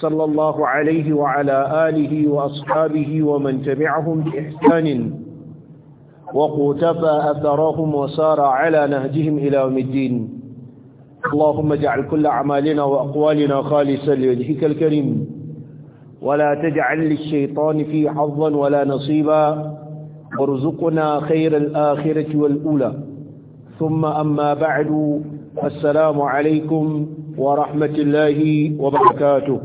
صلى الله عليه وعلى آله وأصحابه ومن تبعهم بإحسان وقوتفى أثرهم وسار على نهجهم إلى يوم الدين اللهم اجعل كل أعمالنا وأقوالنا خالصا لوجهك الكريم ولا تجعل للشيطان في حظا ولا نصيبا وارزقنا خير الآخرة والأولى ثم أما بعد السلام عليكم ورحمة الله وبركاته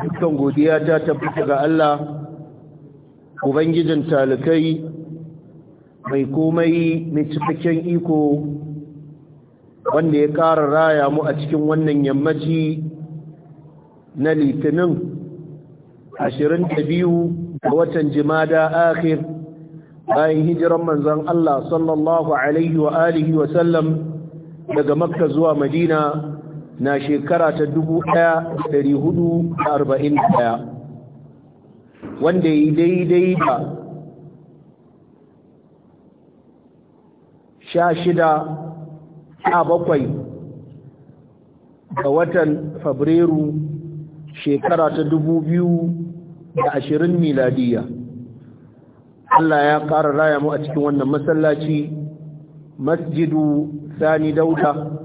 dukkan godiya ta tabbata ga Allah ubangijin talikai mai komai mai cikakken iko wanda ya ƙara raya mu a cikin wannan yammaci na litinin 22 ga watan jimada akhir bayan hijiran manzon Allah sallallahu alaihi wa alihi wa sallam daga makka zuwa madina na shekara ta 1441 wanda yi daidai da sha shida a bakwai ga watan fabrairu shekara ta dubu biyu da ashirin miladiya Allah ya ƙara raya mu a cikin wannan masallaci masjidu sani Dauta.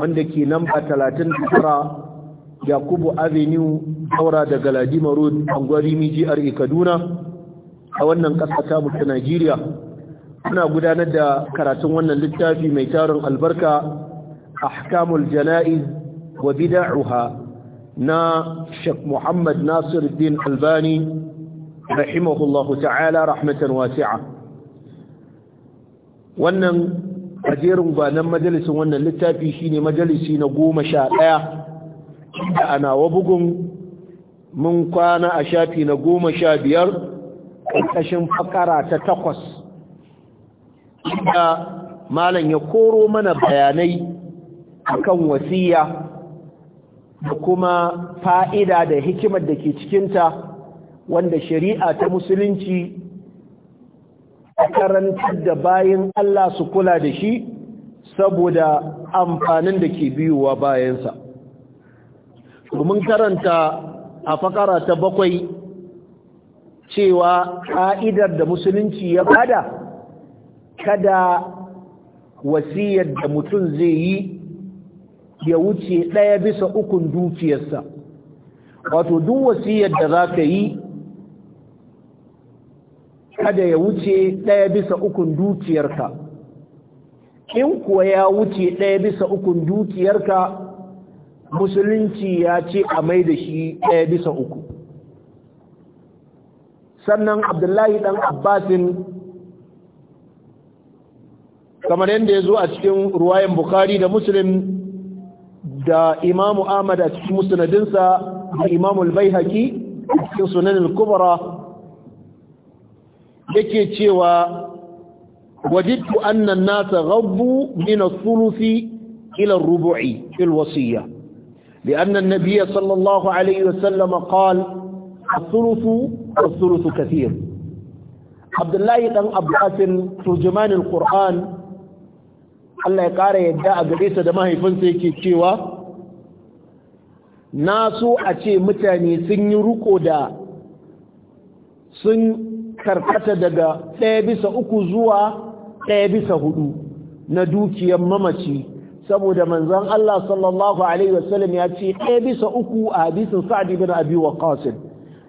wanda ke namba 39 yakubu avenue haura daga galadima road angwari mijiyar kaduna a wannan ƙasa ta mutu najeriya muna gudanar da karatun wannan littafi mai tarin albarka ahkamul jana'iz wa bida'uha na Sheikh Muhammad Nasiruddin Albani rahimahullahu ta'ala rahmatan wasi'a wannan a jerin gwanan majalisin wannan littafi shine majalisi na goma sha ɗaya da ana wa bugun mun kwana a shafi na goma sha biyar ƙarƙashin fakara ta takwas da malam ya koro mana bayanai akan wasiya da kuma fa'ida da hikimar da ke cikinta wanda shari'a ta musulunci a karantar da bayan Allah su kula da shi saboda amfanin da ke biyuwa bayansa domin karanta a fakara ta bakwai cewa ƙa'idar da musulunci ya bada kada wasiyar da mutum zai yi ya wuce ɗaya bisa ukun dukiyarsa wato duk wasiyar da za ka yi kada ya wuce ɗaya bisa ukun dukiyarka in kuwa ya wuce ɗaya bisa ukun dukiyarka musulunci ya ce a mai da shi ɗaya bisa uku sannan abdullahi ɗan abbasin kamar yadda ya zo a cikin ruwayan bukari da muslim da imamu ahmad a cikin musnadinsa da imamu albayhaki a cikin sunan al-kubra yake cewa wajidtu anna nasa ghabbu min ath-thuluthi ila ar-rubu'i fil wasiyya li'anna an-nabiy sallallahu alayhi wa sallam qala ath-thuluthu ath-thuluthu kathir Abdullah ibn Abbas Allah ya ƙara yadda a gare sa da mahaifinsa yake cewa na so a ce mutane sun yi ruko da sun karkata daga ɗaya bisa uku zuwa ɗaya bisa hudu na dukiyar mamaci saboda manzan Allah sallallahu alaihi wasallam ya ce ɗaya bisa uku a hadisun sa'adi bin Abi ƙasir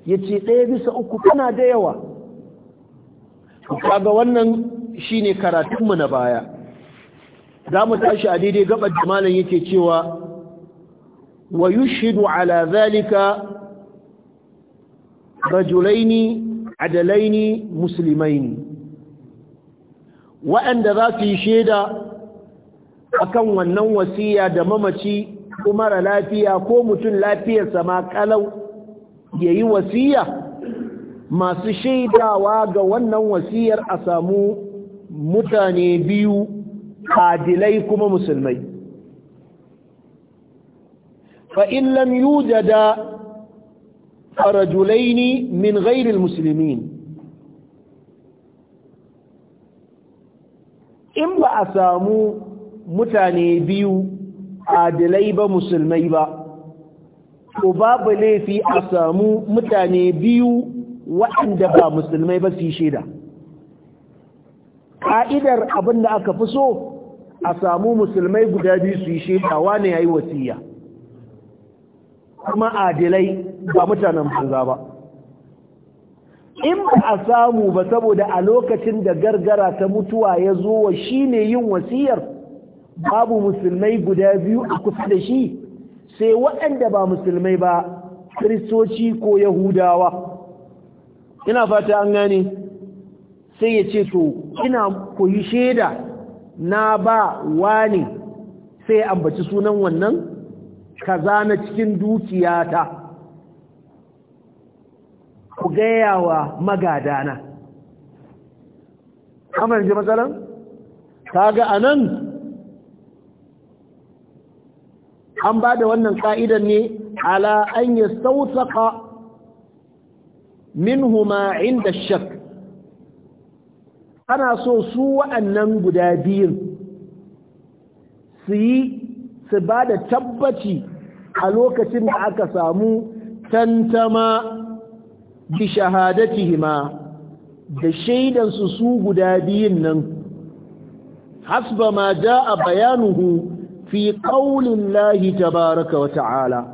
ya ce ɗaya bisa uku tana da yawa kaga wannan shine karatunmu na baya za mu tashi a daidai gaba da yake cewa wa yushidu ala zalika rajulaini adalaini musulmaini waɗanda za su yi shaida akan wannan wasiya da mamaci ko mara lafiya ko mutum lafiyarsa ma kalau ya yi wasiya masu shaidawa ga wannan wasiyar a samu mutane biyu adilai kuma musulmai fa'in lam yujada رجلين min gairin المسلمين in ba a samu mutane biyu adilai ba musulmai ba ko babu laifi a samu mutane biyu waɗanda ba musulmai ba su shaida ka'idar abin da aka fi so a samu musulmai guda biyu su yi shaida wane ya yi wasiya kuma adilai ba mutanen banza ba in ba a samu ba saboda a lokacin da gargara ta mutuwa ya zo wa shi ne yin wasiyar babu musulmai guda biyu a kusa da shi sai waɗanda ba musulmai ba kiristoci ko yahudawa ina fata an gane sai ya ce to ina koyi shaida na ba wa ne sai ambaci sunan wannan kaza na cikin dukiyata ku gaya wa magadana kamar ji matsalan kaga a nan an ba da wannan ƙa'idan ne ala an yi sautaka min huma inda shak ana so su wa'annan guda biyun su yi su ba da tabbaci a lokacin da aka samu tantama bi shahadatihima da shaidan su su guda biyun nan hasba ma a bayanuhu fi ƙaunin lahi tabaraka wa ta'ala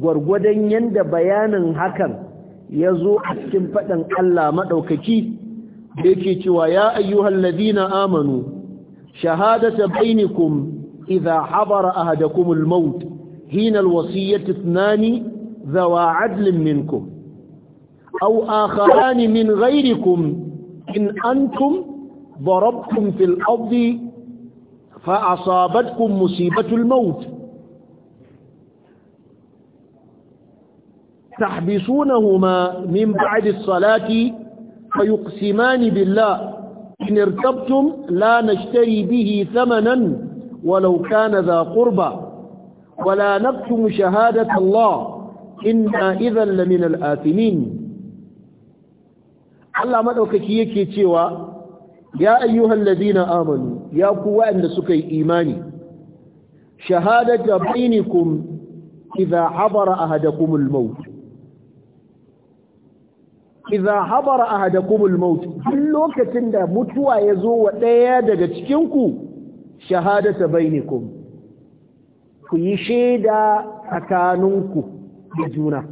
Gwargwadon yanda bayanin hakan yazo a cikin faɗan Allah madaukaki yake cewa ya ayyuhalladhina amanu shahadata bainikum idha habara ahadakumul maut hina alwasiyatu ithnani dhawa adlin minkum أو آخران من غيركم إن أنتم ضربتم في الأرض فأصابتكم مصيبة الموت تحبسونهما من بعد الصلاة فيقسمان بالله إن ارتبتم لا نشتري به ثمنا ولو كان ذا قربى ولا نكتم شهادة الله إنا إذا لمن الآثمين Allah maɗaukaki yake cewa ya ayyuhan ladina amanu ya ku waɗanda suka yi imani shahadata bainikum idza habara ahadakum al-maut idza habara ahadakum al-maut duk lokacin da mutuwa ya zo wa ɗaya daga cikin ku shahadata bainikum ku yi shaida tsakaninku da juna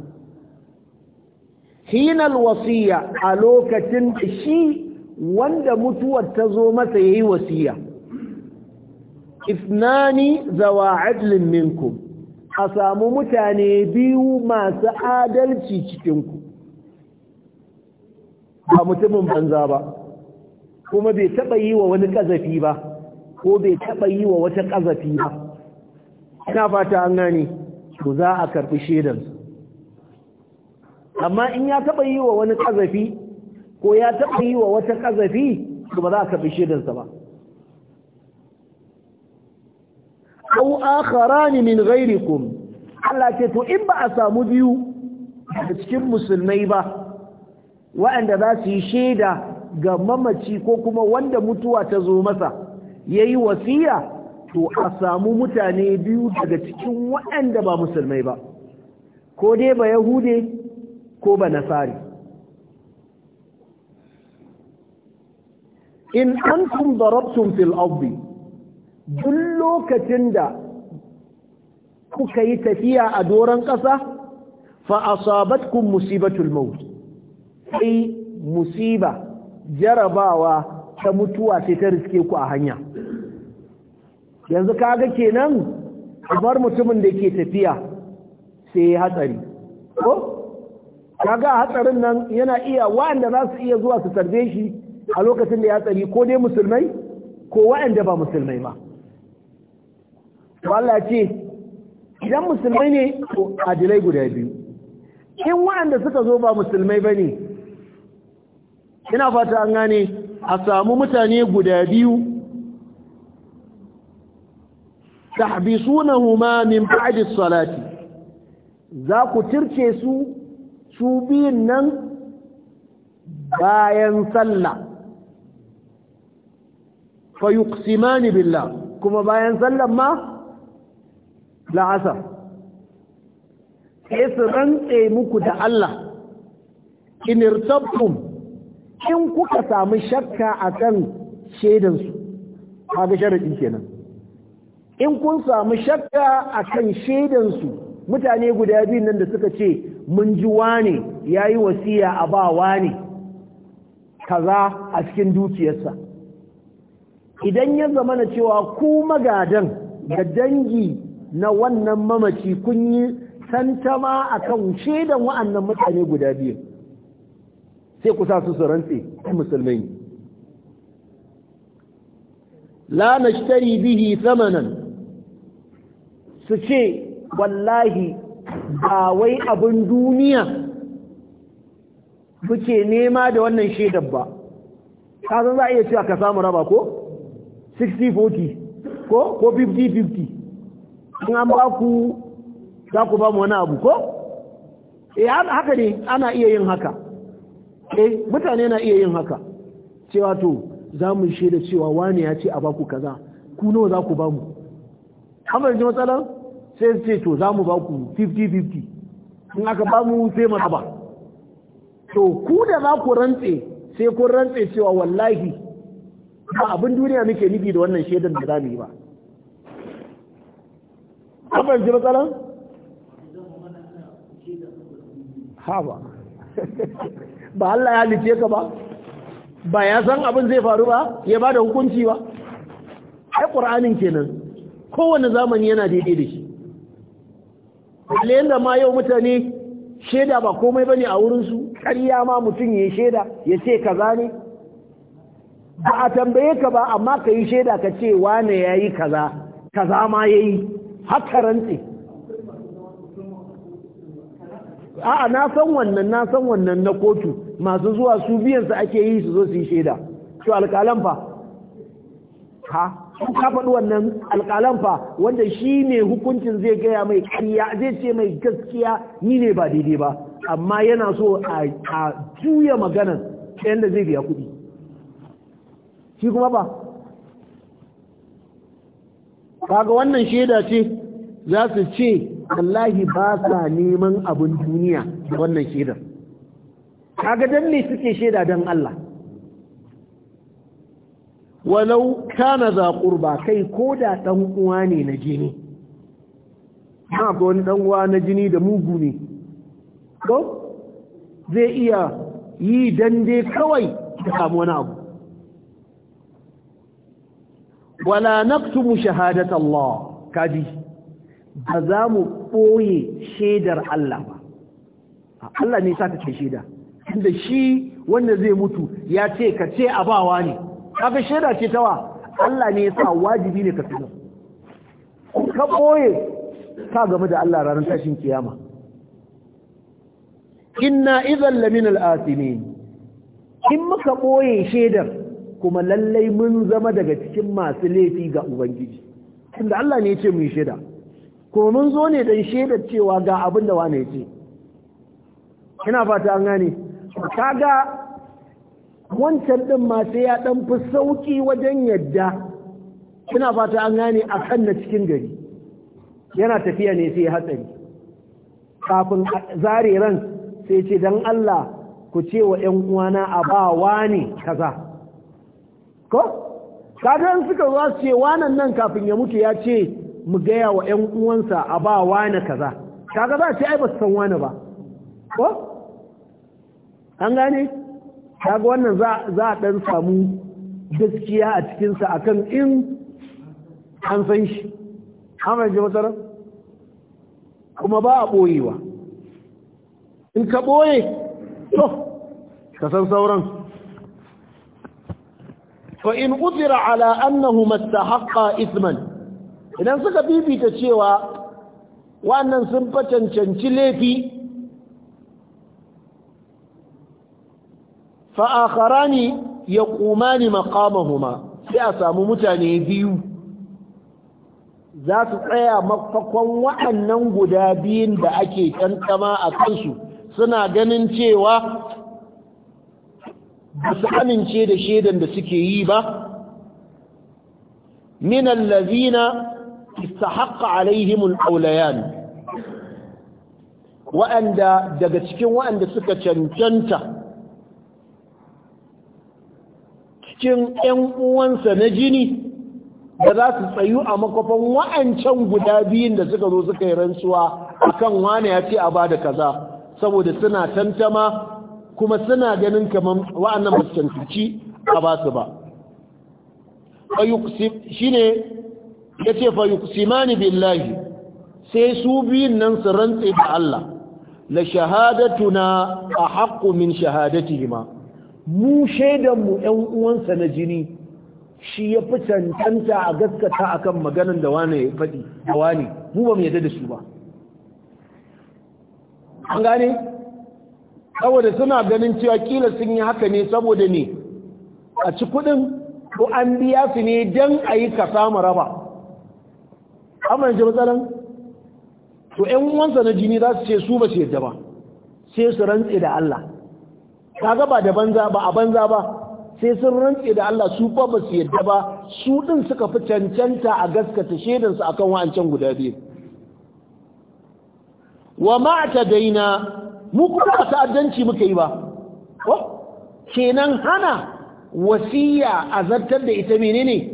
hinal wasiya a lokacin da shi wanda mutuwar ta zo masa yayi wasiya isnani zawa adlin minkum a samu mutane biyu masu adalci cikinku ba mutumin banza ba kuma bai taɓa yi wa wani ƙazafi ba ko bai taɓa yi wa wata ƙazafi ba ina fata an gani to za a karɓi shaidansu amma in ya taɓa yi wa wani ƙazafi ko ya taɓa yi wa wata ƙazafi to ba za a bi shaidarsa ba aw akharani min ghairikum Allah ce to in ba a samu biyu daga cikin musulmai ba wa'anda za su yi shaida ga mamaci ko kuma wanda mutuwa ta zo masa yayi wasiya to a samu mutane biyu daga cikin wa'anda ba musulmai ba ko dai ba yahude ko ba nasari in an darabtum fil abu duk lokacin da kuka yi tafiya a doron ƙasa fa kun musibatul maut sai musiba jarabawa ta mutuwa sai ta riske ku a hanya yanzu kaga kenan kamar mutumin da ke tafiya sai ya hatsari ko kaga hatsarin nan yana iya wa'anda za su iya zuwa su tarbe shi a lokacin da ya tsari ko dai musulmai ko wa'anda ba musulmai ba Allah ce idan musulmai ne a adilai guda biyu in wa'anda suka zo ba musulmai ba ne ina fata an gane a samu mutane guda biyu tahbisunahuma min ba'di salati za ku tirce su su biyun nan bayan sallah fa yuqsimani billah kuma bayan sallan ma la'asar sai su rantse muku da Allah in irtabtum in kuka samu shakka akan shaidansu kaga sharadi kenan in kun samu shakka akan shaidansu mutane guda biyun nan da suka ce mun ji wane ya yi wasiya a ba wane kaza a cikin dukiyarsa idan ya zama na cewa ku magadan da dangi na wannan mamaci kun yi tantama a kan shaidan wa'annan mutane guda biyu sai ku sa su su rantse musulmai ne la nashtari bihi zamanin su ce wallahi ba wai abin duniya muke nema da wannan shaidar ba ka san za a iya cewa ka samu raba ko 60-40 ko 50-50 in an ba ku za ku ba mu wani abu ko e haka ne ana iya yin haka e mutane na iya yin haka cewa to za mu shaida cewa wani ya ce a baku kaza ku nawa za ku ba mu amma yanzu matsalar sai ce to za mu ba ku 50-50 in aka ba mu sai mu ba to ku da za ku rantse sai kun rantse cewa wallahi ba abin duniya muke nufi da wannan shaidan da za mu yi ba abin ji matsalan? ha ba ba Allah ya halice ka ba ba ya san abin zai faru ba ya ba da hukunci ba ai ƙur'anin kenan kowane zamani yana daidai da shi kalle yadda ma yau mutane shaida ba komai bane a wurin su? ƙarya ma mutum ya shaida ya ce kaza ne ba a tambaye ka ba amma ka yi shaida ka ce wane ya yi kaza kaza ma ya yi haka rantse a'a na san wannan na san wannan na kotu masu zuwa su biyan su ake yi su zo su yi shaida to alƙalan fa ha ka faɗi wannan alƙalan fa wanda shi ne hukuncin zai gaya mai ƙarya zai ce mai gaskiya ni ne ba daidai ba amma yana so a juya maganan ɗayan da zai biya kuɗi shi kuma ba kaga wannan shaida ce za su ce Allahi ba sa neman abin duniya da wannan shaidar kaga dan ne suke shaida don Allah walau kana za ƙurba kai ko da ɗan uwa ne na jini na ga wani ɗan uwa na jini da mugu ne ko zai iya yi dande kawai da samu wani abu wala naktumu shahadat Allah kaji ba za mu ɓoye shaidar Allah ba Allah ne sa ka ce shaida inda shi wanda zai mutu ya ce ka ce abawa ne kafin shaida ce tawa Allah ne yasa wajibi ne ka tuno ka boye ka game da Allah ranar tashin kiyama inna idhal lamina al-asimin in muka boye shaidar kuma lallai mun zama daga cikin masu laifi ga ubangiji tunda Allah ne ya ce mu yi shaida kuma mun zo ne dan shaidar cewa ga abin da wane ya ce Kina fata an gane kaga wancan ɗin ma ya ɗan fi sauƙi wajen yadda ina fata an gane a kan na cikin gari yana tafiya ne sai hatsari kafin zare ran sai ce don Allah ku ce wa ‘yan uwana a ba wani kaza ko kadan suka za su ce wanan nan kafin ya mutu ya ce mu gaya wa ‘yan uwansa a ba wani kaza kaga za ce ai ba su san wani ba ko an gane kaga wannan za a ɗan samu gaskiya a cikinsa akan in an san shi amince matsara kuma ba a ɓoyewa in ka ɓoye to ka san sauran fa in utira ala annahu mastahaqqa ithman idan suka bibita cewa wannan sun fa cancanci laifi ne ya ƙumani makamahuma sai a samu mutane biyu za su tsaya mafakon waɗannan guda biyun da ake kankama a kansu suna ganin cewa ba su amince da shaidan da suke yi ba minan lazina istahaqqa alaihimul aulayan waɗanda daga cikin waɗanda suka cancanta cikin 'yan uwansa na jini da za su tsayu a makwafan wa'ancan guda biyun da suka zo suka yi rantsuwa akan wane ya ce a ba da kaza saboda suna tantama kuma suna ganin kamar wa'annan maskantuci a ba su ba shi ne ya ce fayukusimani billahi sai su biyun nan su rantse da Allah la shahadatuna a haƙƙo min shahadatihima mu shaidanmu ‘yan uwansa na jini shi ya fi cancanta a gaskata a kan maganin da wane ya faɗi da wane mu ba mu yadda da su ba an gane saboda suna ganin cewa kila sun yi haka ne saboda ne a ci kuɗin ko an biya su ne don a yi ka samu raba amma yanzu matsalan to ‘yan uwansa na jini za su ce su ba su yadda ba sai su rantse da Allah kaga ba da banza ba a banza ba sai sun rantse da Allah su fa ba su yadda ba su din suka fi cancanta a gaskata shaidan su akan wancan guda biyu wa ma daina mu kuma ba ta'addanci muka yi ba ko kenan hana wasiya a zartar da ita menene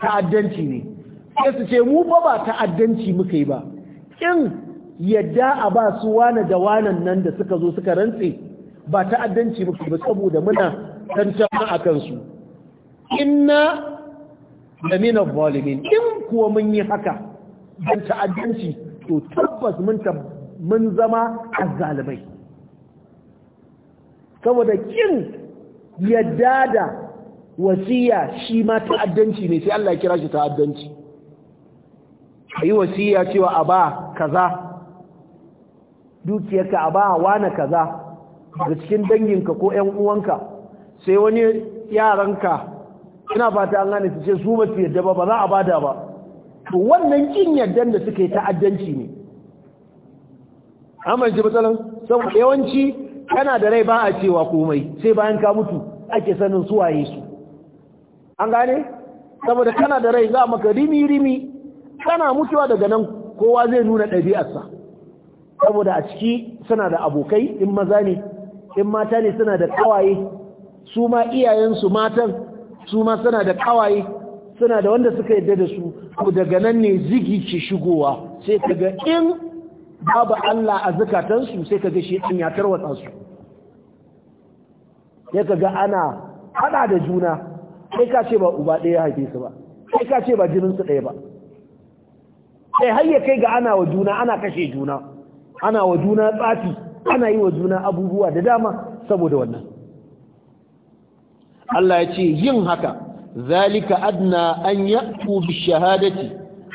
ta'addanci ne sai su ce mu fa ba ta'addanci muka yi ba kin yadda a ba su wane da wanan nan da suka zo suka rantse ba ta'addanci muku ba saboda muna tantama a kansu inna lamina zalimin in kuwa mun yi haka dan ta'addanci to tabbas mun mun zama azzalimai saboda kin yadda da wasiya shi ma ta'addanci ne sai Allah ya kira shi ta'addanci ayi wasiya cewa a ba kaza dukiyarka a ba wani kaza da cikin danginka ko 'yan uwanka sai wani yaranka ina fata an gane su ce su mafi yadda ba ba za a bada ba to wannan kin yardan da suka yi ta'addanci ne amma shi matsalan saboda yawanci yana da rai ba a cewa komai sai bayan ka mutu ake sanin su su an gane saboda kana da rai za maka rimi rimi kana mutuwa daga nan kowa zai nuna ɗabi'arsa saboda a ciki suna da abokai in maza ne in mata ne suna da kawaye su ma iyayensu matan su ma suna da kawaye suna da wanda suka yadda da su daga nan ne zigi ke shigowa sai kaga in babu Allah a zakatansu sai kaga shi din ya tarwatsa su sai kaga ana hada da juna sai ka ce ba uba ɗaya haife su ba sai ka ce ba jinin su ɗaya ba sai har ya kai ga ana wa juna ana kashe juna ana wa juna tsafi ana yi wa juna abubuwa da dama saboda wannan Allah ya ce yin haka zalika adna an ya bi shahadati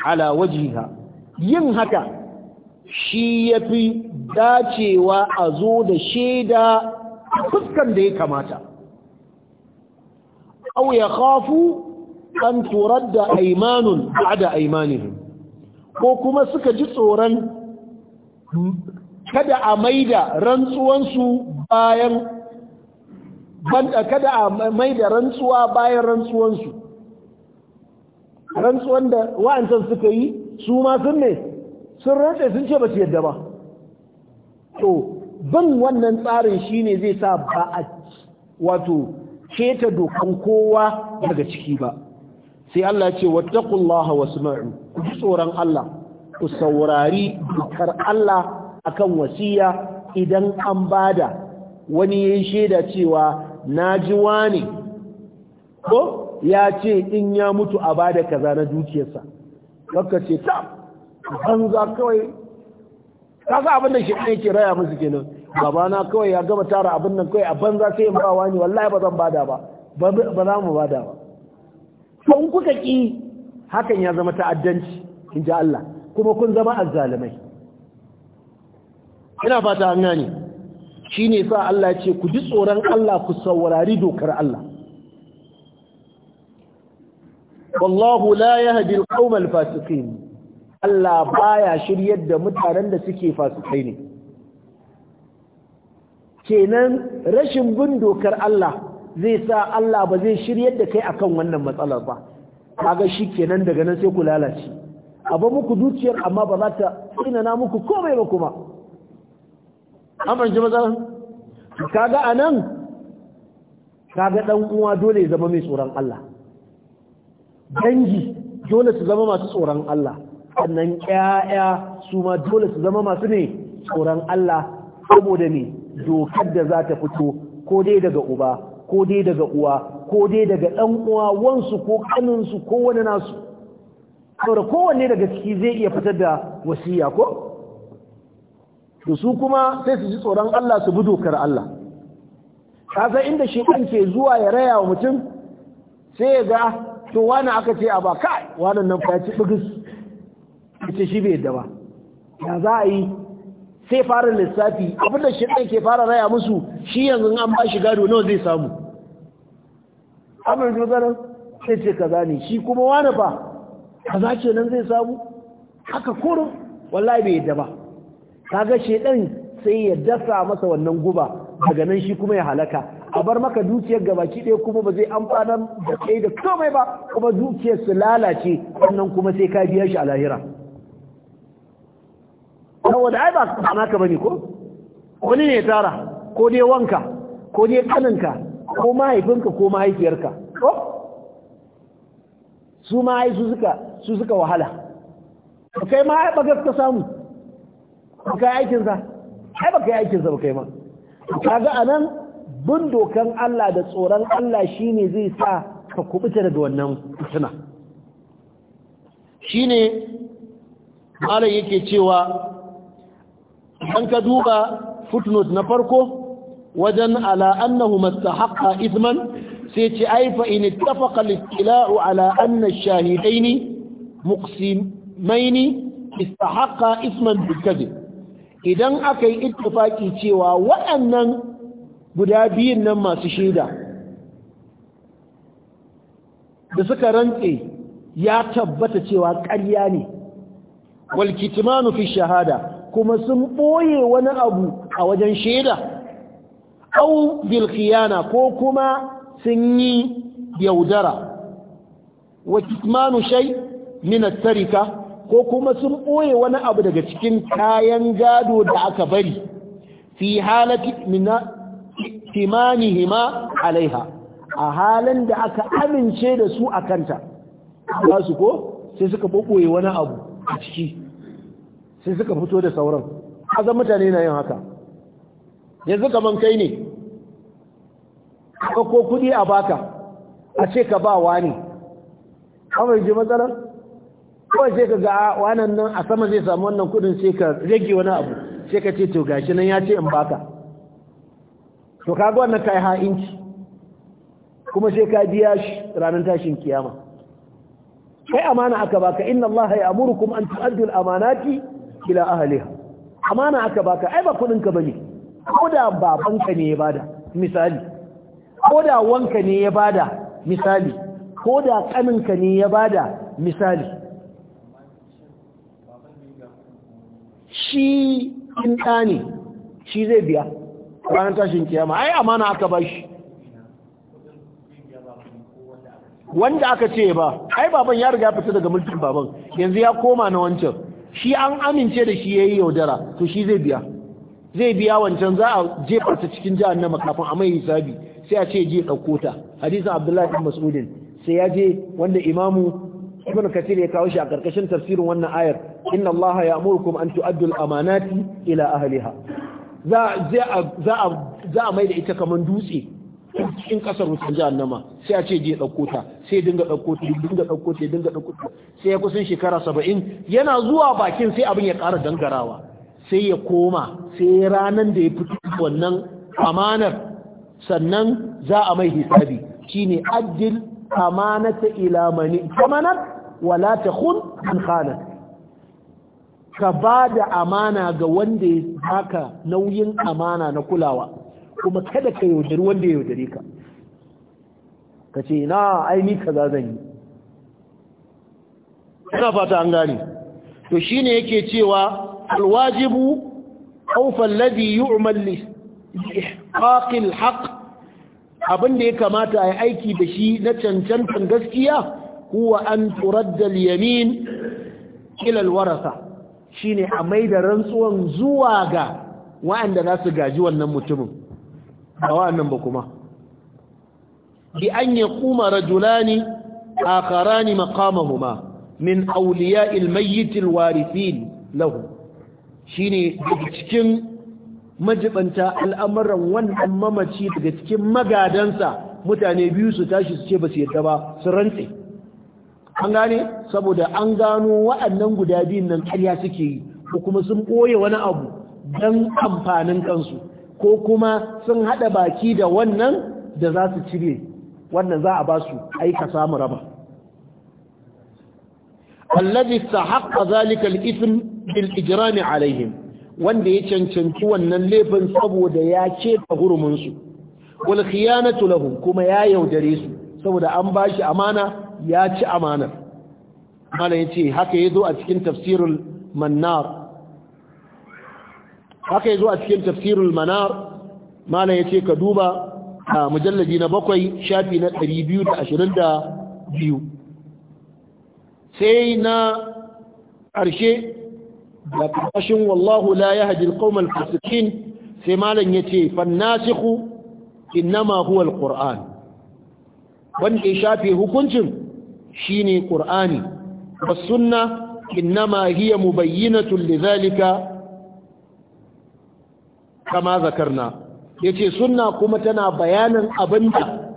ala wajiha yin haka shi ya fi dacewa a zo da shaida fuskan da ya kamata ya kafu an turar turadda ba da aymanihim ko kuma suka ji tsoron kada a maida rantsuwansu bayan kada a maida rantsuwa bayan rantsuwansu rantsuwan da wa'ancan suka yi su ma sun ne sun rantsa sun ce ba su yadda ba to bin wannan tsarin shine zai sa ba a wato keta dokan kowa daga ciki ba sai Allah ce wattaqullaha wasma'u ku tsoron Allah ku saurari dokar Allah akan wasiya idan an bada wani ya shaida cewa naji wani ko ya ce in ya mutu a bada kaza na dukiyarsa kakka ce ta banza kawai ga abin da shi ne ke raya musu kenan na kawai ya gama tara abin nan kawai a banza sai in ba wani wallahi ba zan bada ba ba za mu bada ba to kuka ki hakan ya zama ta'addanci in ji Allah kuma kun zama azzalumai. ina fata an gane ne sa Allah ce ku ji tsoron Allah ku saurari dokar Allah wallahu la yahdi al-qawma Allah baya shiryar da mutanen da suke fasikai ne kenan rashin bin dokar Allah zai sa Allah ba zai shiryar da kai akan wannan matsalar ba shi kenan daga nan sai ku lalace abin muku dukiyar amma ba za ta tsinana muku komai ba kuma amma ji maza kaga anan kaga dan uwa dole ya zama mai tsoron Allah dangi dole su zama masu tsoron Allah sannan ƴaƴa su ma dole su zama masu ne tsoron Allah saboda ne dokar da za ta fito ko dai daga uba ko dai daga uwa ko dai daga dan uwa wansu ko kaninsu ko wani nasu saboda kowanne daga ciki zai iya fitar da wasiya ko to su kuma sai su ji tsoron Allah su bi dokar Allah kaza inda shekan ke zuwa ya raya wa mutum sai ya ga to wani aka ce a ba kai wannan nan fa ci bugis ce shi bai yadda ba ya za a yi sai fara lissafi abinda shekan ke fara raya musu shi yanzu an ba shi gado nawa zai samu abin da sai ce kaza ne shi kuma wani ba kaza ce nan zai samu haka kurum wallahi bai yadda ba kaga shedan sai ya dasa masa wannan guba daga nan shi kuma ya halaka a bar maka dukiyar gabaki ɗaya kuma ba zai amfanar da kai da komai ba kuma dukiyar su lalace wannan kuma sai ka biya shi a lahira saboda ai ba ka bane ko wani ne tara ko dai wanka ko dai kaninka ko mahaifinka ko mahaifiyarka ko su ma ai su suka su suka wahala kai ma ai ba ka samu ka yi aikinsa ai ba ka yi aikinsa ba kai ma kaga anan bin dokan Allah da tsoron Allah ne zai sa ka kubuta daga wannan fitina shine malam yake cewa an ka duba footnote na farko wajen ala annahu isman, sai ce aifa fa in ittafaqa ala anna shahidaini muqsimaini istahaqqa isman bil idan aka yi ittifaki cewa waɗannan guda biyun nan masu shaida da suka rantse ya tabbata cewa ƙarya ne walkitimanu fi shahada kuma sun ɓoye wani abu a wajen shaida au bilkiyana ko kuma sun yi yaudara wa kitmanu shai min ko kuma sun ɓoye wani abu daga cikin kayan gado da aka bari fi halati mina timanihima alaiha a halin da aka amince da su a kanta ba su ko sai suka ɓoye wani abu a ciki sai suka fito da sauran azan mutane na yin haka yanzu kaman kai ne ko kudi a baka a ce ka ba wani kawai ji matsalar kawai sai ka ga wannan nan a sama zai samu wannan kudin sai ka rage wani abu sai ka ce to gashi nan ya ce in baka to kaga wannan kai ha'inci kuma sai ka biya shi ranar tashin kiyama kai amana aka baka inna Allah ya amurukum an tu'addu al-amanati ila ahliha amana aka baka ai ba kudin ka bane ko da babanka ne ya bada misali ko da wanka ne ya bada misali ko da kaninka ne ya bada misali shi in ɗa ne shi zai biya ranar tashin kiyama ai amana aka ba shi wanda aka ce ba ai baban ya riga fita daga mulkin baban yanzu ya koma na wancan shi an amince da shi yayi yaudara to shi zai biya zai biya wancan za a jefa ta cikin jahannama kafin a mai hisabi sai a ce je ɗauko ta hadisin abdullahi bin mas'udin sai ya je wanda imamu ibn kathir ya kawo shi a karkashin tafsirin wannan ayar inna allaha ya'murukum an tu'addu al-amanati ila ahliha za za za a mai da ita kaman dutse in kasar wutar jahannama sai a ce je ɗauko ta sai dinga ɗauko ta dinga ɗauko ta dinga ɗauko ta sai ya kusan shekara saba'in yana zuwa bakin sai abin ya ƙara dangarawa. sai ya koma sai ranar da ya fito wannan amanar sannan za a mai hisabi shine ajil amanata ila mani amanar wala ta hun an khanar ka ba da amana ga wanda ya haka nauyin amana na kulawa kuma kada ka yaudari wanda ya yaudari ka ka ce na aini ka za zan yi ina fata an gane to shine yake cewa alwajibu awfa alladhi yu'mal li ihqaqil haqq abinda ya kamata a yi aiki da shi na cancantan gaskiya huwa an turadda al-yamin ila al-warasa shine a maida rantsuwan zuwa ga wa'anda za su gaji wannan mutumin ba wa'annan ba kuma bi an yaquma rajulani akharani maqamahuma min awliya'il mayyit al-warithin lahu shine daga cikin majibanta al'amuran wannan mamaci daga cikin magadansa mutane biyu su tashi su ce basu yarda ba su rantse an gane saboda an gano waɗannan guda biyun nan ƙarya suke yi ko kuma sun ɓoye wani abu don amfanin kansu ko kuma sun haɗa baki da wannan da za su cire wannan za a ba su aika samu raba allazi sahaqqa zalika al-ithm bil ijrami alaihim wanda ya cancanci wannan laifin saboda ya ce ta hurumin su wal kuma ya yaudare su saboda an bashi amana ya ci amanar malam ya ce haka ya zo a cikin tafsirul manar haka ya zo a cikin tafsirul manar malam ya ce ka duba a mujallaji na bakwai shafi na 222 sai na ƙarshe da ƙarƙashin wallahu la ya hajji alƙawmal fasikin sai malam ya ce fannasiku innama huwa alƙur'an wanda ya shafe hukuncin shine qur'ani was sunna innama hiya tulli zalika kama zakarna yace sunna kuma tana bayanin abinda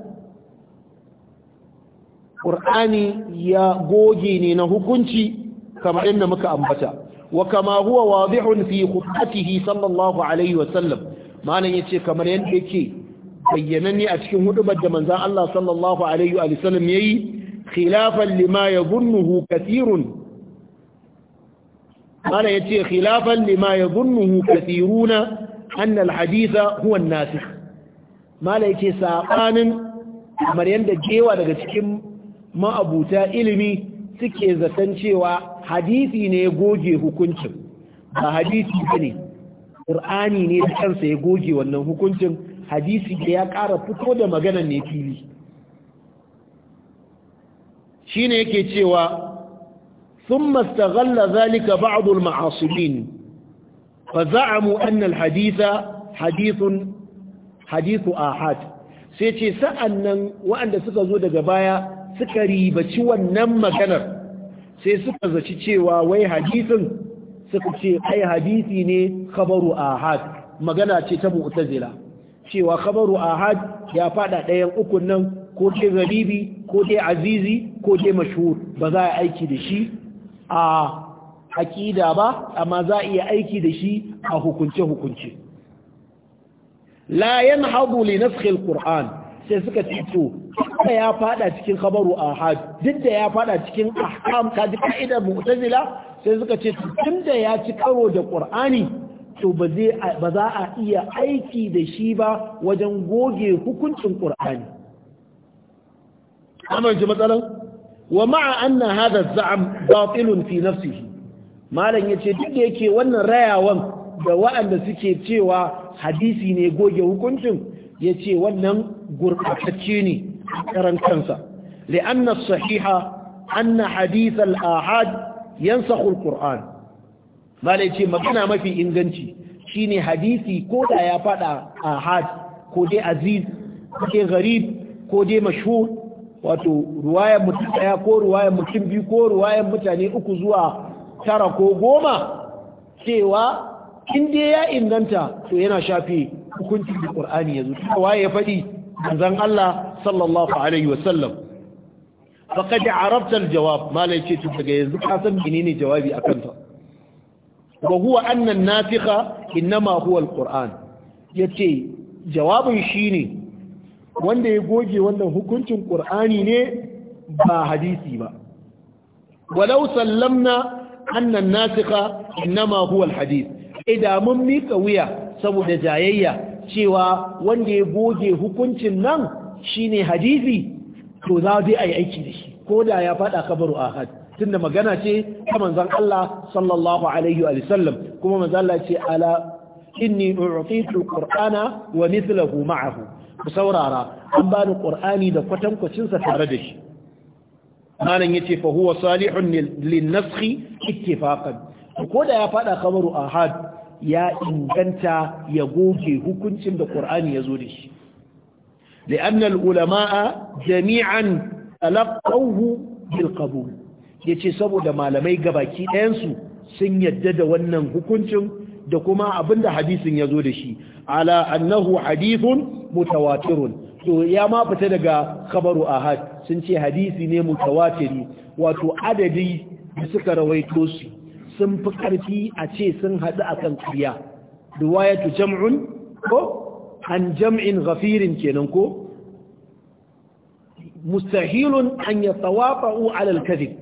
qur'ani ya goge ne na hukunci kama inda muka ambata wa kama huwa wadihun fi khutbatihi sallallahu alaihi wasallam ya yace kamar yadda yake ne a cikin hudubar da manzon Allah sallallahu alaihi wasallam yayi khilafan lima yadhunnuhu kathirun mana yace khilafan lima yadhunnuhu kathiruna anna alhaditha huwa an-nasikh sabanin kamar yanda jewa daga cikin ma'abuta ilimi suke zaton cewa hadisi ne goge hukuncin ba hadisi bane qur'ani ne da kansa ya goge wannan hukuncin hadisi da ya ƙara fito da maganar ne fili ne yake cewa sun istaghalla zalika ba'd al-ma'asibin fa za'amu anna al-haditha hadithun hadithu ahad sai ce sa'annan waɗanda suka zo daga baya suka ribaci wannan maganar sai suka zaci cewa wai hadisin suka ce ai hadisi ne khabaru ahad magana ce ta mu'tazila cewa khabaru ahad ya fada ɗayan ukun nan ko ce garibi ko ce azizi ko ce mashhur ba za a aiki da shi a aƙida ba amma za a iya aiki da shi a hukunce-hukunce la ne li nafsi alquran sai suka ce to ya fada cikin khabaru ahad duk da ya fada cikin ahkam ta da kaida mu'tazila sai suka ce da ya ci karo da qur'ani to ba za a iya aiki da shi ba wajen goge hukuncin qur'ani amma matsalan wa ma'a anna hadha za'am batilun fi nafsihi malam yace duk da yake wannan rayawan da wa'anda suke cewa hadisi ne goge hukuncin yace wannan gurbatacce ne karan kansa li'anna sahiha anna hadith al-ahad yansakhu al-qur'an malam ce magana mafi inganci shine hadisi ko da ya fada ahad ko dai aziz ko dai gharib ko dai mashhur wato ruwayar mutum ɗaya ko ruwayar mutum biyu ko ruwayar mutane uku zuwa tara ko goma cewa in dai ya inganta to yana shafe hukuncin da ƙur'ani ya waye ya faɗi manzon Allah sallallahu alaihi wasallam faqad arabta aljawab malai ce to daga yanzu ka san ne jawabi akan ta wa huwa anna an-nasikha inma huwa al-qur'an yace jawabin shine wanda ya goge wannan hukuncin ƙur'ani ne ba hadisi ba walau sallamna annan nasika innama huwa alhadith idan mun mika wuya saboda jayayya cewa wanda ya goge hukuncin nan shine hadisi to za dai ai aiki da shi ko da ya fada kabaru ahad tunda magana ce ta manzon Allah sallallahu alaihi wa sallam kuma manzon Allah ce ala inni u'titu alqur'ana wa mithluhu ma'ahu ku saurara an bani ƙur'ani da kwatankwacinsa tare da shi ya ce fa huwa salihun lin naskhi ittifaqan ko da ya fada khabaru ahad ya inganta ya goge hukuncin da Ƙur'ani ya zo da shi لأن العلماء جميعا تلقوه بالقبول yace saboda malamai gabaki ɗayansu sun yadda da wannan hukuncin da kuma abinda hadisin ya zo da shi ala annahu hadithun mutawatirun to ya ma fita daga kabaru ahad sun ce hadisi ne mutawatiri wato adadi da suka rawaito su sun fi karfi a ce sun haɗu akan kariya riwayatu jam'un ko an jam'in ghafirin kenan ko mustahilun an yatawafa'u ala alal kadhib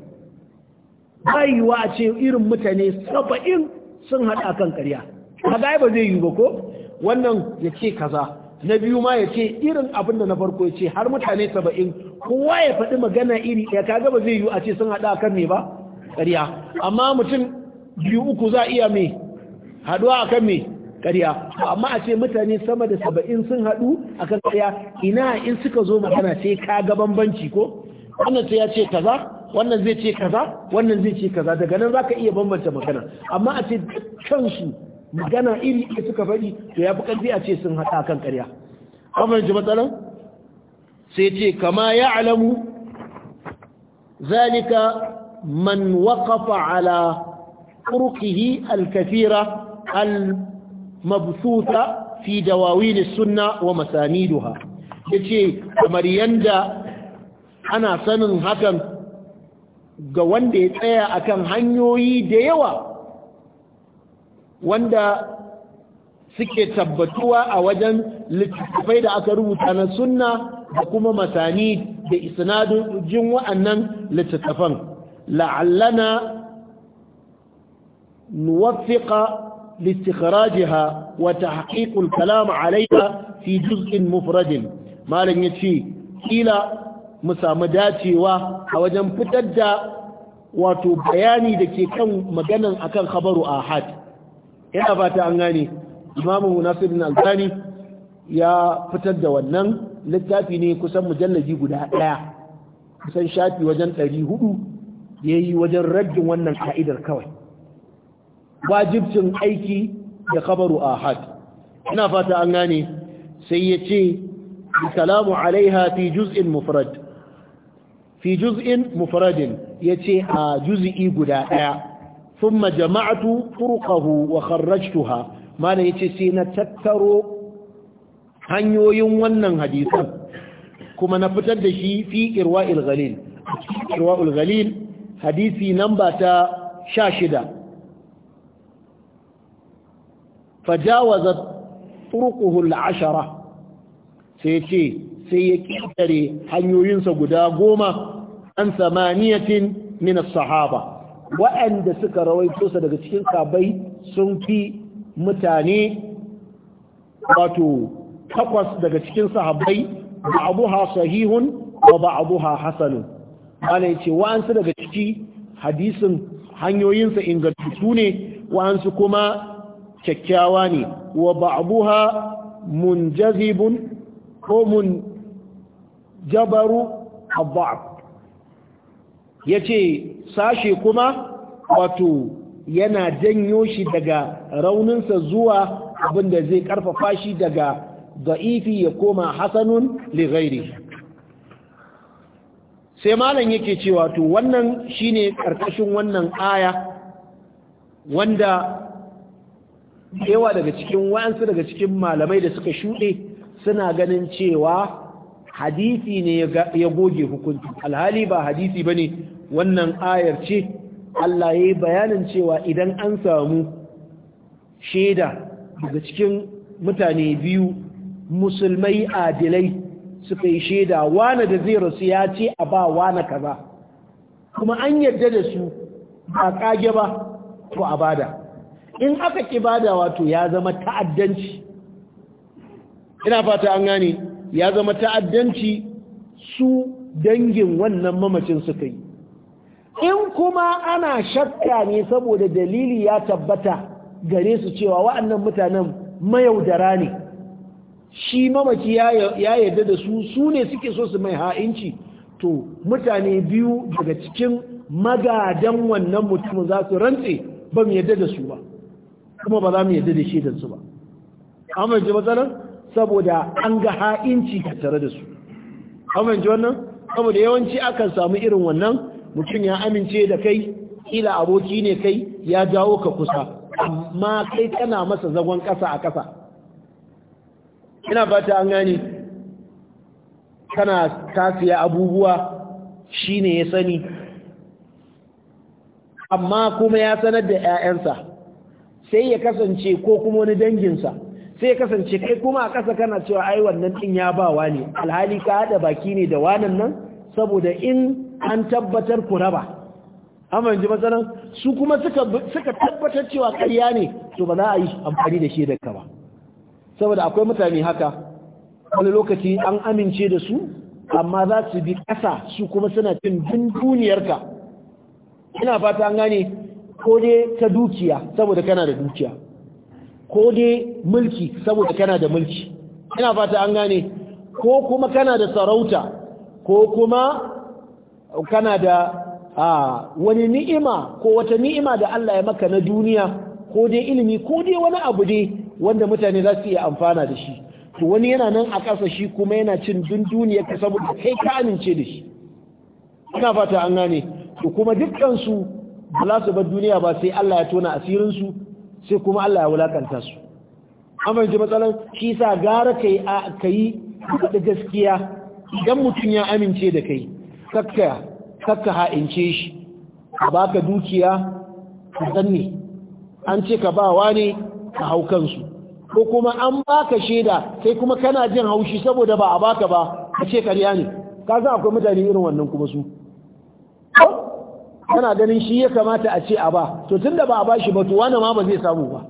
bai wa ce irin mutane saba'in. sun haɗa kan ƙarya kaga ba zai yi ba ko wannan ya ce kaza na biyu ma ya ce irin abin da na farko ya ce har mutane saba'in kowa ya faɗi magana iri ɗaya kaga ba zai yi a ce sun haɗa kan me ba ƙarya amma mutum biyu uku za iya me haɗuwa a kan me ƙarya amma a ce mutane sama da saba'in sun haɗu a kan ƙarya ina in suka zo magana sai ka ga bambanci ko wannan sai ya ce kaza wannan zai ce kaza wannan zai ce kaza daga nan zaka iya bambanta magana amma a ce dukkan su magana iri ɗaya suka faɗi to ya fi ƙarfi a ce sun haɗa kan ƙarya an fahimci matsalan sai ce kama ya alamu zalika man waƙafa ala ƙurƙihi alkafira al-mabsuta fi dawawin sunna wa masaniduha yace kamar yanda ana sanin hakan ga wanda ya tsaya akan hanyoyi da yawa wanda suke tabbatuwa a wajen littattafai da aka rubuta na sunna da kuma masani da jin wa'annan littattafan la'allana nuwaffiqa لاستخراجها وتحقيق الكلام عليها في جزء مفرد ما ya ce. إلى mu samu dacewa a wajen fitar da wato bayani da ke kan maganan akan khabaru ahad ina fata an gane imamu nasirin albani ya fitar da wannan littafi ne kusan mujallaji guda ɗaya kusan shafi wajen ɗari hudu ya yi wajen raddin wannan ka'idar kawai wajibcin aiki da a ahad ina fata an gane sai ya ce kalamu alaiha fi juz'in mufrad fi juz'in mufradin yace a juz'i guda daya thumma jama'tu furqahu wa kharrajtuha mana yace sai na tattaro hanyoyin wannan hadisan kuma na fitar da shi fi irwa'il ghalil irwa'ul ghalil hadisi namba ta 16 Fajawaza turquhu al-ashara sai yace sai ya kintare hanyoyinsa guda goma an samaniyatin min sahaba waɗanda suka rawaito sa daga cikin sabai sun fi mutane wato takwas daga cikin sahabbai ba'abuha sahihun wa ba'abuha hasanun ana ce wa'ansu daga ciki hadisin hanyoyinsa ingantattu ne wa'ansu kuma kyakkyawa ne wa mun jazibun ko mun jabaru abba ya ce sashe kuma wato yana janyo shi daga rauninsa zuwa abinda zai karfafa shi daga da'ifi ya koma hasanun lighairi sai malam yake cewa to wannan shine karkashin wannan aya wanda yawa daga cikin wa'ansu daga cikin malamai da suka shuɗe suna ganin cewa hadisi ne ya goge hukunci alhali ba hadisi bane wannan ayar ce Allah ya yi bayanin cewa idan an samu shaida daga cikin mutane biyu musulmai adilai suka yi shaida wane da zai rasu ya ce a ba wane kaza kuma an yarda da su ba kage ba ko a bada in aka ki bada wato ya zama ta'addanci ina fata an gane ya zama ta'addanci su dangin wannan mamacin suka yi in kuma ana shakka ne saboda dalili ya tabbata gare su cewa wa'annan mutanen mayaudara ne shi mamaki ya yarda da su su ne suke so su mai ha'inci to mutane biyu daga cikin magadan wannan mutum za su rantse ba mu yarda da su ba kuma ba za mu yarda da shaidansu ba amma ji matsalar saboda an ga ha'inci ka tare da su amma ji wannan saboda yawanci akan samu irin wannan mutum ya amince da kai ƙila aboki ne kai ya jawo ka kusa amma kai kana masa zagon ƙasa a ƙasa ina fata an gani kana tasiya abubuwa Shi ne ya sani amma kuma ya sanar da 'ya'yansa sai ya kasance ko kuma wani danginsa sai ya kasance kai kuma a ƙasa kana cewa ai wannan ɗin ya bawa ne alhali ka haɗa baki ne da wanan nan saboda in an tabbatar ku raba amma ji matsalan su kuma suka tabbatar cewa ƙarya ne to ba za a yi amfani da shi da ka ba saboda akwai mutane haka wani lokaci an amince da su amma za su bi ƙasa su kuma suna cin dunduniyarka ina fata an gane ko dai ta dukiya saboda kana da dukiya ko dai mulki saboda kana da mulki ina fata an gane ko kuma kana da sarauta ko kuma kana da wani ni'ima ko wata ni'ima da Allah ya maka na duniya ko dai ilimi ko dai wani abu dai wanda mutane za su iya amfana da shi to wani yana nan a ƙasa shi kuma yana cin dun duniya ka saboda kai ka amince da shi ina fata an gane to kuma dukkan ba su bar duniya ba sai Allah ya tona asirin su sai kuma Allah ya wulakanta su an fahimci matsalar shi sa gara kai a kai da gaskiya idan mutum ya amince da kai kakka kakka ha'ince shi ka baka dukiya ka sanne an ce ka bawa ne ka hau kansu ko kuma an baka shaida sai kuma kana jin haushi saboda ba a baka ba a ce karya ne ka za akwai mutane irin wannan kuma su kana ganin shi ya kamata a ce a ba to tunda ba a bashi ba to wani ma ba zai samu ba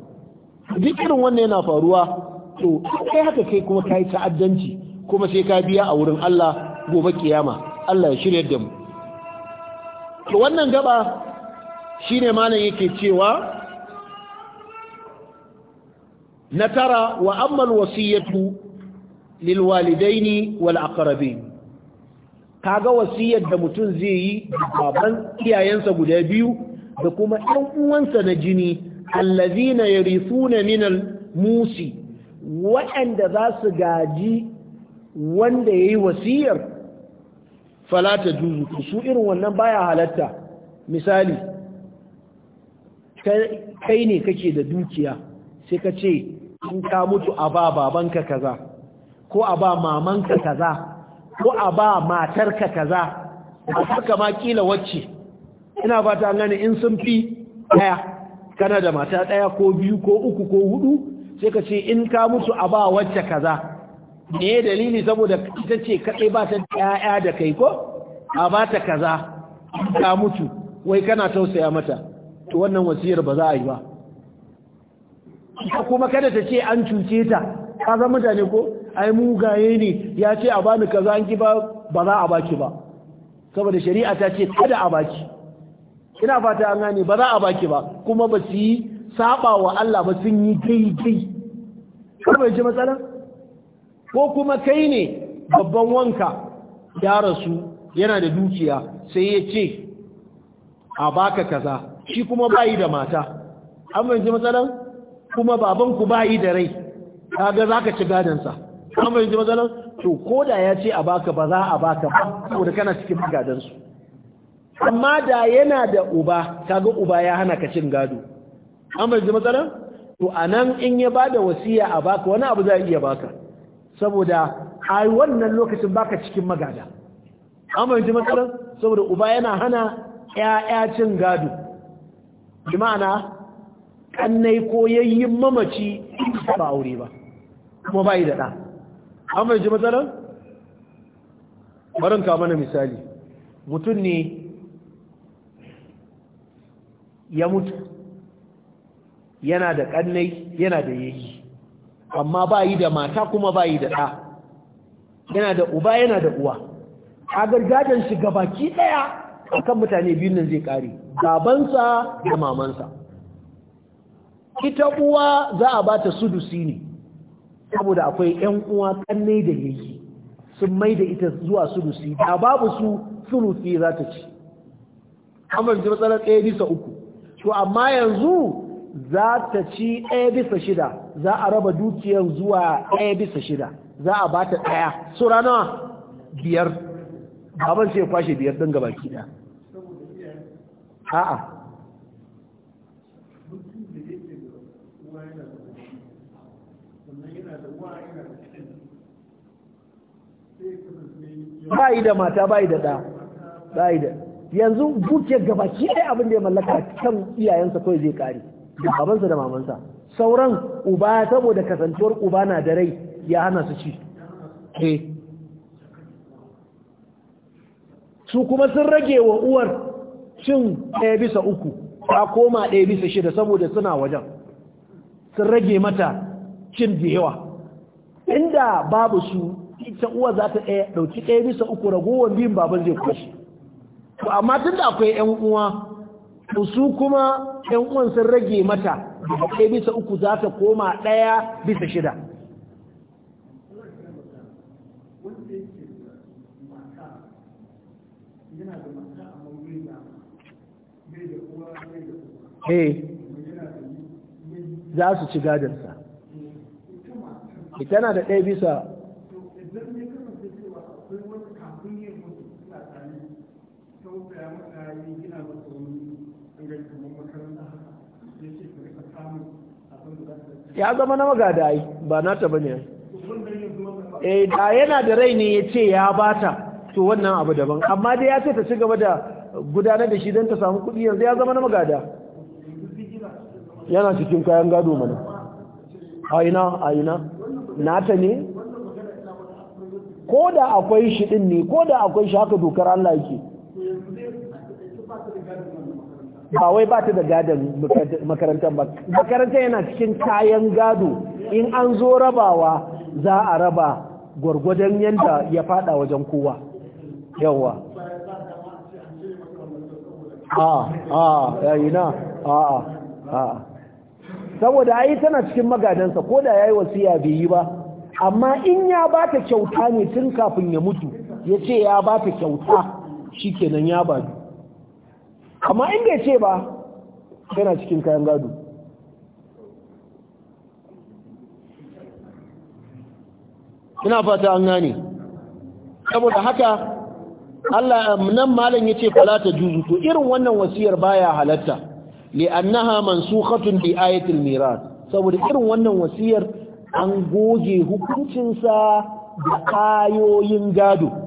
duk irin wannan yana faruwa to kai haka kai kuma kai ta'addanci kuma sai ka biya a wurin Allah gobe kiyama Allah ya shirya da mu wannan gaba shine malam yake cewa na tara wa ammal wasiyatu lil walidaini wal aqrabin kaga wasiyar da mutum zai yi baban iyayensa guda biyu da kuma ɗan uwansa na jini allazina yarithuna min al-musi waɗanda za su gaji wanda yayi wasiyar fala ta juzu su irin wannan baya halatta misali kai ne kake da dukiya sai ka ce in ka mutu a ba babanka kaza ko a ba mamanka kaza ko a ba matarka kaza matarka ma kila wacce ina fata gani in sun fi daya kana da mata daya ko biyu ko uku ko hudu sai ka ce in ka mutu a ba wacce kaza ne dalili saboda ita ce kaɗai ba ta ɗaya da kai ko a ba ta kaza ta mutu wai kana tausaya mata to wannan wasiyar ba za a yi ba kuma kada ta ce an cuce ta ka zama mutane ko ai mugaye ne ya ce a bani kaza an ki ba ba za a baki ba saboda shari'a ta ce kada a baki ina fata an gane ba za a baki ba kuma ba su yi saba wa Allah ba sun yi daidai kar bai ji matsala ko kuma kai ne babban wanka ya rasu yana da dukiya sai ya ce a baka kaza shi kuma bayi da mata an fahimci matsalan kuma babanku bayi da rai ga za ka ci gadansa an fahimci matsalan to ko da ya ce a baka ba za a baka ba saboda kana cikin gadansu amma da yana da uba ta ga uba ya hana ka cin gado an fahimci matsalan to anan in ya da wasiya a baka wani abu za a iya baka saboda a wannan lokacin baka cikin magada amma yanzu matsalar saboda uba yana hana ƴaƴa cin gado bi ma'ana kannai ko yayyin mamaci ba aure ba kuma bai da ɗa amma yanzu matsalar barin ka mana misali mutum ne ya mutu yana da kannai yana da yayi amma ba yi da mata kuma ba yi da ɗa yana da uba yana da uwa a gargajen shi gabaki ɗaya a kan mutane biyun nan zai ƙare Gabansa da mamansa ita uwa za a ba ta sudusi ne saboda akwai 'yan uwa kanne da yake sun mai da ita zuwa sudusi da babu su sudusi za ta ci amma matsalar ɗaya bisa uku to amma yanzu za ta ci ɗaya bisa shida za a raba dukiyar zuwa ɗaya bisa shida za a ba ta ɗaya Su rana biyar baban sai kwashe biyar ɗin gaba ki Ba yi da mata ba yi da ɗa ba yi da yanzu dukiyar gabaki ɗaya abin da ya mallaka kan iyayensa kawai zai ƙari da babansa da mamansa sauran uba saboda kasantuwar uba na da rai ya hana su ci su kuma sun rage wa uwar cin ɗaya bisa uku ta koma ɗaya bisa shida saboda suna wajen sun rage mata cin da yawa inda babu su ita uwa za ta ɗauki ɗaya bisa uku ragowar biyun baban zai kwashe. amma tun da akwai 'yan uwa su kuma ɗan uwan sun rage mata ɗaya bisa uku za ta koma ɗaya bisa shida he eh, za su ci gadansa ita na da ɗaya bisa ya zama na magada ba ba nata bane eh, da yana da rai ne ya ce ya bata to wannan abu daban amma dai ya ce ta ci gaba da gudanar da shi don ta samu kuɗi yanzu ya zama na magada yana cikin kayan gado mana a aina na ta ne ko da akwai shi din ne ko da akwai shi haka dokar Allah yake ba wai ba ta da gadon makarantar ba makarantar yana cikin kayan gado in an zo rabawa za a raba gwargwadon yadda ya fada wajen kowa a a yayi na a a saboda ai tana cikin magadansa ko da yi wasiya bai yi ba amma in ya ba ta kyauta ne tun kafin ya mutu ya ce ya ba ta kyauta shikenan ya ba amma in bai ce ba yana cikin kayan gado ina fata an gane saboda haka Allah nan malam ce fala ta juzu to irin wannan wasiyar baya halatta li'annaha mansukhatun bi ayatil miras saboda irin wannan wasiyar an goge hukuncin sa da kayoyin gado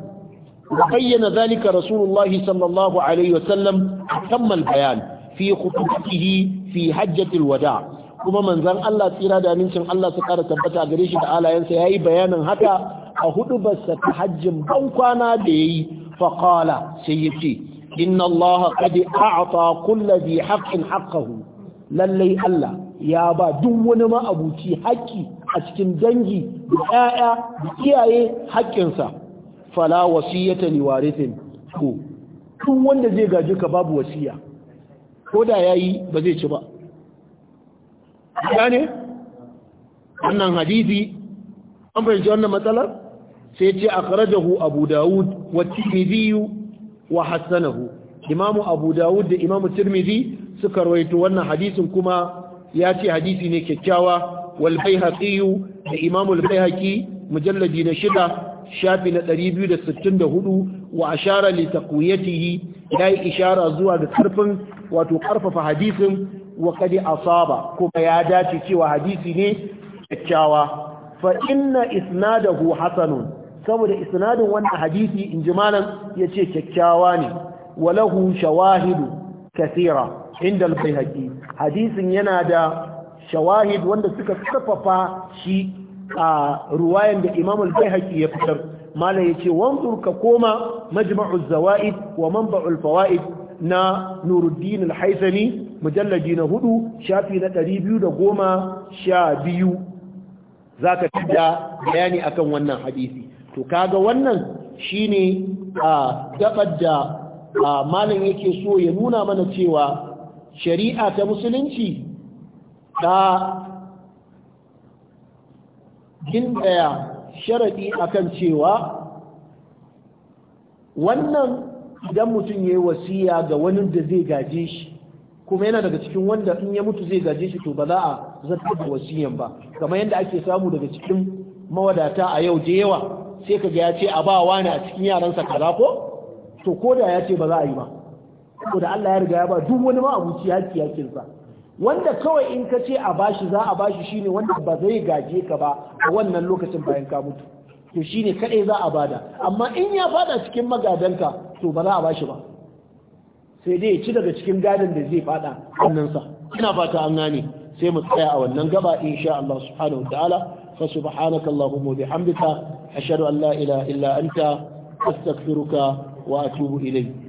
وبين ذلك رسول الله صلى الله عليه وسلم fi البيان في خطبته في حجة الوداع kuma manzan Allah tsira da amincin Allah su ƙara tabbata gare shi da alayensa ya yi bayanin haka a hudu basa ta hajjin ban kwana da ya yi faƙala sai ya ce inna Allah qad a'ta kulla bi haqqin haqqahu lallai Allah ya ba duk wani ma'abuci haƙƙi a cikin dangi da 'ya'ya da iyaye haƙƙinsa fala wasiyata li warithin ku? duk wanda zai gaji ka babu wasiya ko da yayi ba zai ci ba gane wannan hadisi an fahimci wannan matsalar sai ce akhrajahu abu daud wa tirmidhi wa hasanahu Imam abu daud da Imam tirmidhi suka rawaito wannan hadisin kuma ya ce hadisi ne kyakkyawa wal bayhaqi da Imam al bayhaqi mujalladi na shida shafi na 264 wa ashara li taqwiyatihi yi ishara zuwa ga karfin wato karfafa hadisin wa asaba kuma ya dace cewa hadisi ne kyakkyawa fa inna isnadahu hasanun saboda isnadin wannan hadisi ya yace kyakkyawa ne walahu shawahidu kathira inda al-bayhaqi hadisin yana da shawahid wanda suka karfafa shi a ruwayan da Imam al-Baihaqi ya fitar malam yace wanzur ka koma majma'u zawaid wa manba'u fawaid na Nuruddin al-Haythami mujalladi na hudu shafi na 212 zaka tada bayani akan wannan hadisi to kaga wannan shine a gabar da malam yake so ya nuna mana cewa shari'a ta musulunci ta daya sharaɗi akan cewa wannan idan mutum ya yi wasiya ga wani da zai gaje shi kuma yana daga cikin wanda in ya mutu zai gaje shi to ba za a zartar da wasiyan ba kamar yadda ake samu daga cikin mawadata a yau da yawa sai ka ga ya ce a ba wani a cikin yaransa kaza ko to ko da ya ce ba za a yi ba ko da Allah ya riga ya ba duk wani ma abuci yakin sa wanda kawai in ka ce a bashi za a bashi shine wanda ba zai gaje ka ba a wannan lokacin bayan ka mutu to shine kadai za a bada amma in ya fada cikin magadanka to ba za a bashi ba sai dai ya ci daga cikin gadon da zai fada sa. ina fata an gane sai mu tsaya a wannan gaba insha Allah subhanahu wataala fa subhanaka allahumma bihamdika ashhadu an la ilaha illa anta astaghfiruka wa atubu ilayk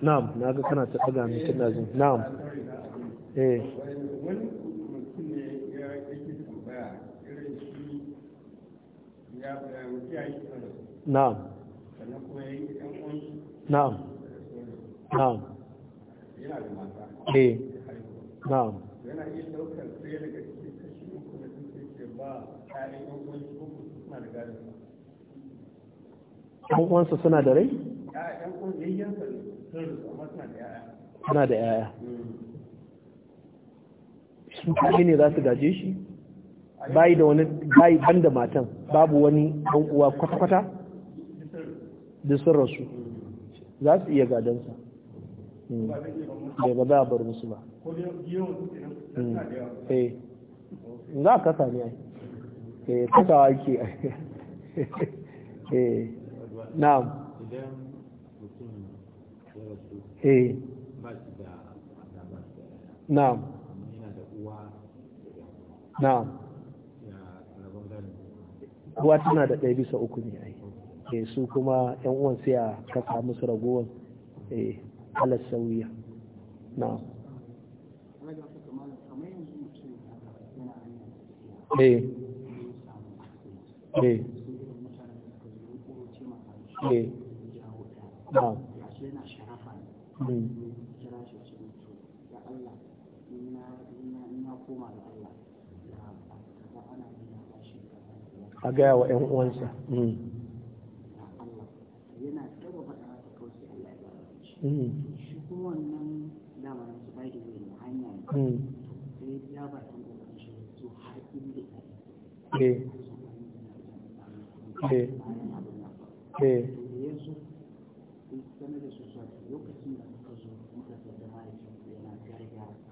na'am na ga kana ta mai na'am eh na'am na'am na'am eh na'am yana iya daukar daga cikin kashi uku da suke ce ba yan da uwansa suna da rai? tana da yaya shi kaɗai ne za su gaje shi bayi da wani bayi ban da matan babu wani ɗan uwa kwata-kwata da sun rasu za su iya gadansa hmm. bai ba za a bar musu ba hmm. eh. za a kasa ne ai eh, kasawa ke eh. na'am eh na'am na'am uwa tana da ɗaya bisa uku ne ai eh su kuma yan uwan sai a kasa musu ragowar eh alas sauya na'am eh eh eh na'am kira shi ya da ana a gaya wa 'yan uwansa yana taba faɗa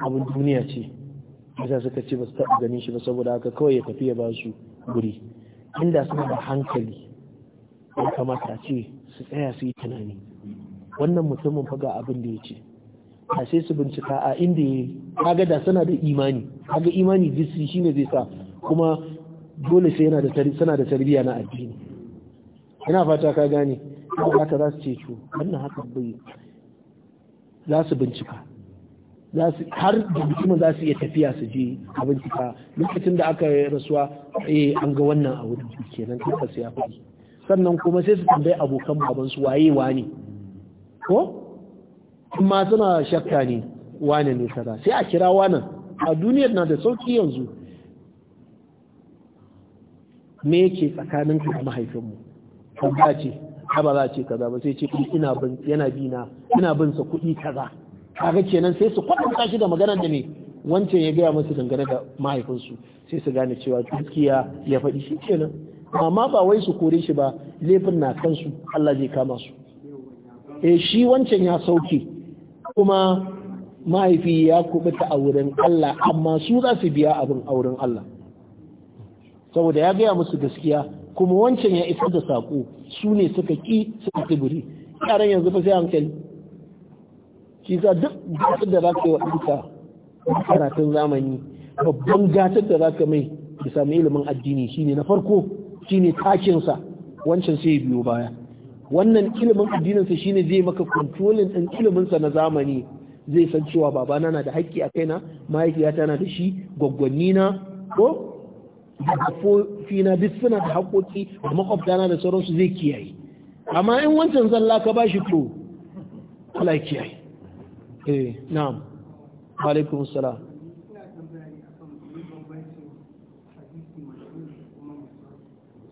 abin duniya ce bisa suka ce ba su taɓa ganin shi ba saboda haka kawai ya tafi ya ba su guri inda suna da hankali ya kamata ce su tsaya su yi tunani wannan mutumin faga abin da ya ce a sai su bincika a inda ya kaga da suna da imani kaga imani jisi ne zai sa kuma dole sai yana da da tarbiyya na addini ina fata ka gane haka za su ce wannan haka bai za su bincika har da mutumin za su iya tafiya su je abinci cika lokacin da aka rasuwa eh an ga wannan a wurin kenan kafa sai ya faɗi sannan kuma sai su tambayi abokan baban su waye wane ko amma suna shakka ne wani ne kaza sai a kira wani a duniyar na da sauki yanzu me yake tsakanin ka da mahaifinmu ba ce ba za ce kaza ba sai ce ina bin yana bina ina bin sa kuɗi kaza kaga kenan sai su kwatanta shi da magana da ne wancan ya gaya musu dangane da mahaifinsu sai su gane cewa dukiya ya faɗi shi kenan amma ba wai su kore shi ba laifin na kansu Allah zai kama su eh shi wancan ya sauke kuma mahaifi ya kubuta a wurin Allah amma su za su biya abin a wurin Allah saboda ya gaya musu gaskiya kuma wancan ya isar da saƙo su ne suka ki suka tsibiri yaran yanzu fa sai hankali shi za duk gatar da za ka yi wa ɗanka karatun zamani babban gatar da za ka mai ya sami ilimin addini shine na farko shine takinsa wancan sai biyo baya wannan ilimin addininsa ne zai maka kontrolin ɗin iliminsa na zamani zai san cewa baba na da haƙƙi a kaina mahaifiyata na da shi gwaggwanni na ko da na duk suna da haƙoƙi da makwabtana da sauransu zai kiyaye amma in wancan zalla ka ba shi to Allah kiyaye eh na'am alaikum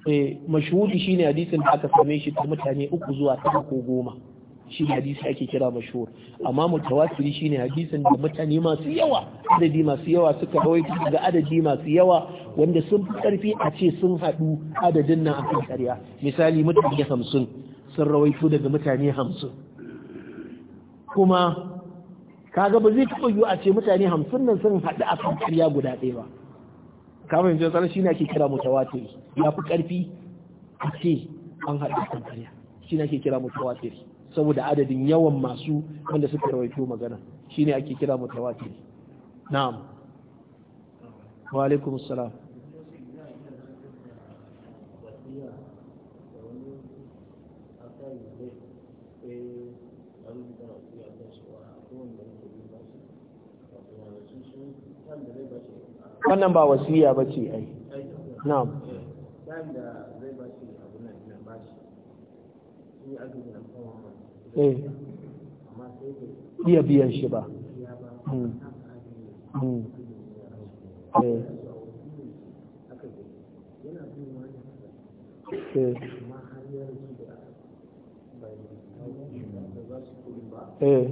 eh mashhuri shine hadisin da aka same shi ta mutane uku zuwa tara ko goma shi hadisi ake kira mashhur amma mutawatiri shine hadisin da mutane masu yawa adadi masu yawa suka rawaito ga adadi masu yawa wanda sun fi karfi a ce sun haɗu adadin nan akan karya misali mutane hamsin sun rawaito daga mutane hamsin kuma kaga ba zai taɓa yiwu a ce mutane hamsin nan sun haɗu a kan ƙarya guda ɗaya ba kamar yanzu tsara shi ne ake kira mutawatir ya fi ƙarfi a ce an haɗu a kan ƙarya shi ne ake kira mutawatir saboda adadin yawan masu wanda suka rawaito magana shi ne ake kira mutawatir na'am wa alaikum salam wannan ba wasiya ba ce ai na'am eh. iya biyan shi ba hmm. Hmm. Eh. eh. eh.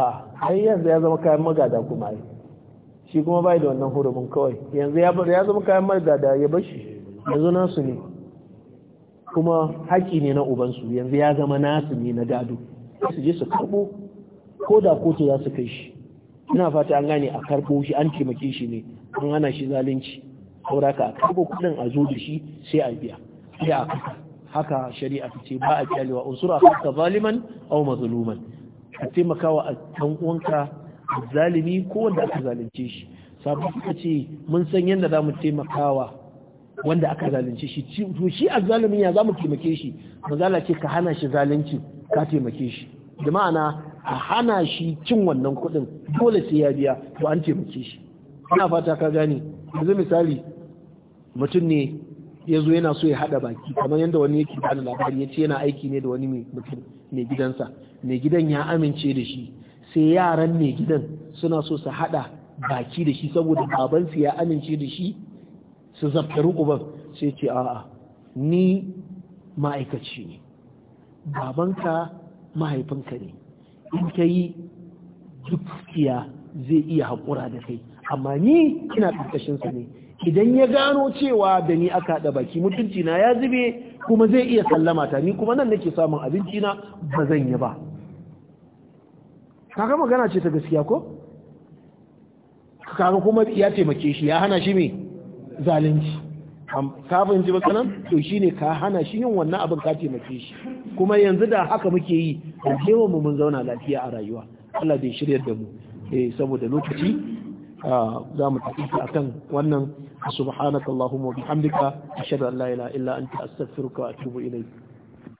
a ah, yanzu ya zama kayan magada kuma yi shi kuma bai da wannan hurumin kawai yanzu ya zama kayan magada ya bar shi yanzu nasu ne kuma haƙi ne na ubansu yanzu ya zama nasu ne na gado su je su karɓo ko da kotu za su kai shi ina fata an gane a karɓo shi an taimake shi ne an hana shi zalunci saura ka a karɓo kuɗin a zo da shi sai a biya sai a haka shari'a ta ce ba a kyalewa unsura haka zaliman aw mazluman A taimakawa wa ɗan uwanka zalimi ko wanda aka zalunce shi sabu suka ce mun san yadda za mu taimakawa wanda aka zalunce shi to shi a zalimin ya za mu taimake shi manzala ce ka hana shi zalunci ka taimake shi da ma'ana a hana shi cin wannan kuɗin dole sai ya biya to an taimake shi ina fata ka gane yanzu misali mutum ne ya zo yana so ya haɗa baki kamar yadda wani yake bani labari ya ce yana aiki ne da wani mai gidansa mai gidan ya amince da shi sai yaran mai gidan suna so su hada baki da shi saboda babansu ya amince da shi su zaftari uban sai ce a'a ni ma'aikaci ne babanka mahaifinka ne in ka yi dukkiya zai iya haƙura da kai amma ni ina ƙarƙashinsa ne idan ya gano cewa da ni aka haɗa baki mutuncina ya zube kuma zai iya sallama ta ni kuma nan nake samun abinci na ba zan yi ba kaga magana ce ta gaskiya ko kaga kuma ya taimake shi ya hana shi mai zalunci ka fahimci ba kanan to shi ne ka hana shi yin wannan abin ka taimake shi kuma yanzu da haka muke yi kewa mu mun zauna lafiya a rayuwa Allah bai shirya da mu eh saboda lokaci ah, za mu tafi a kan wannan subhanakallahumma wa bihamdika ashhadu an la ilaha illa anta astaghfiruka wa atubu ilayk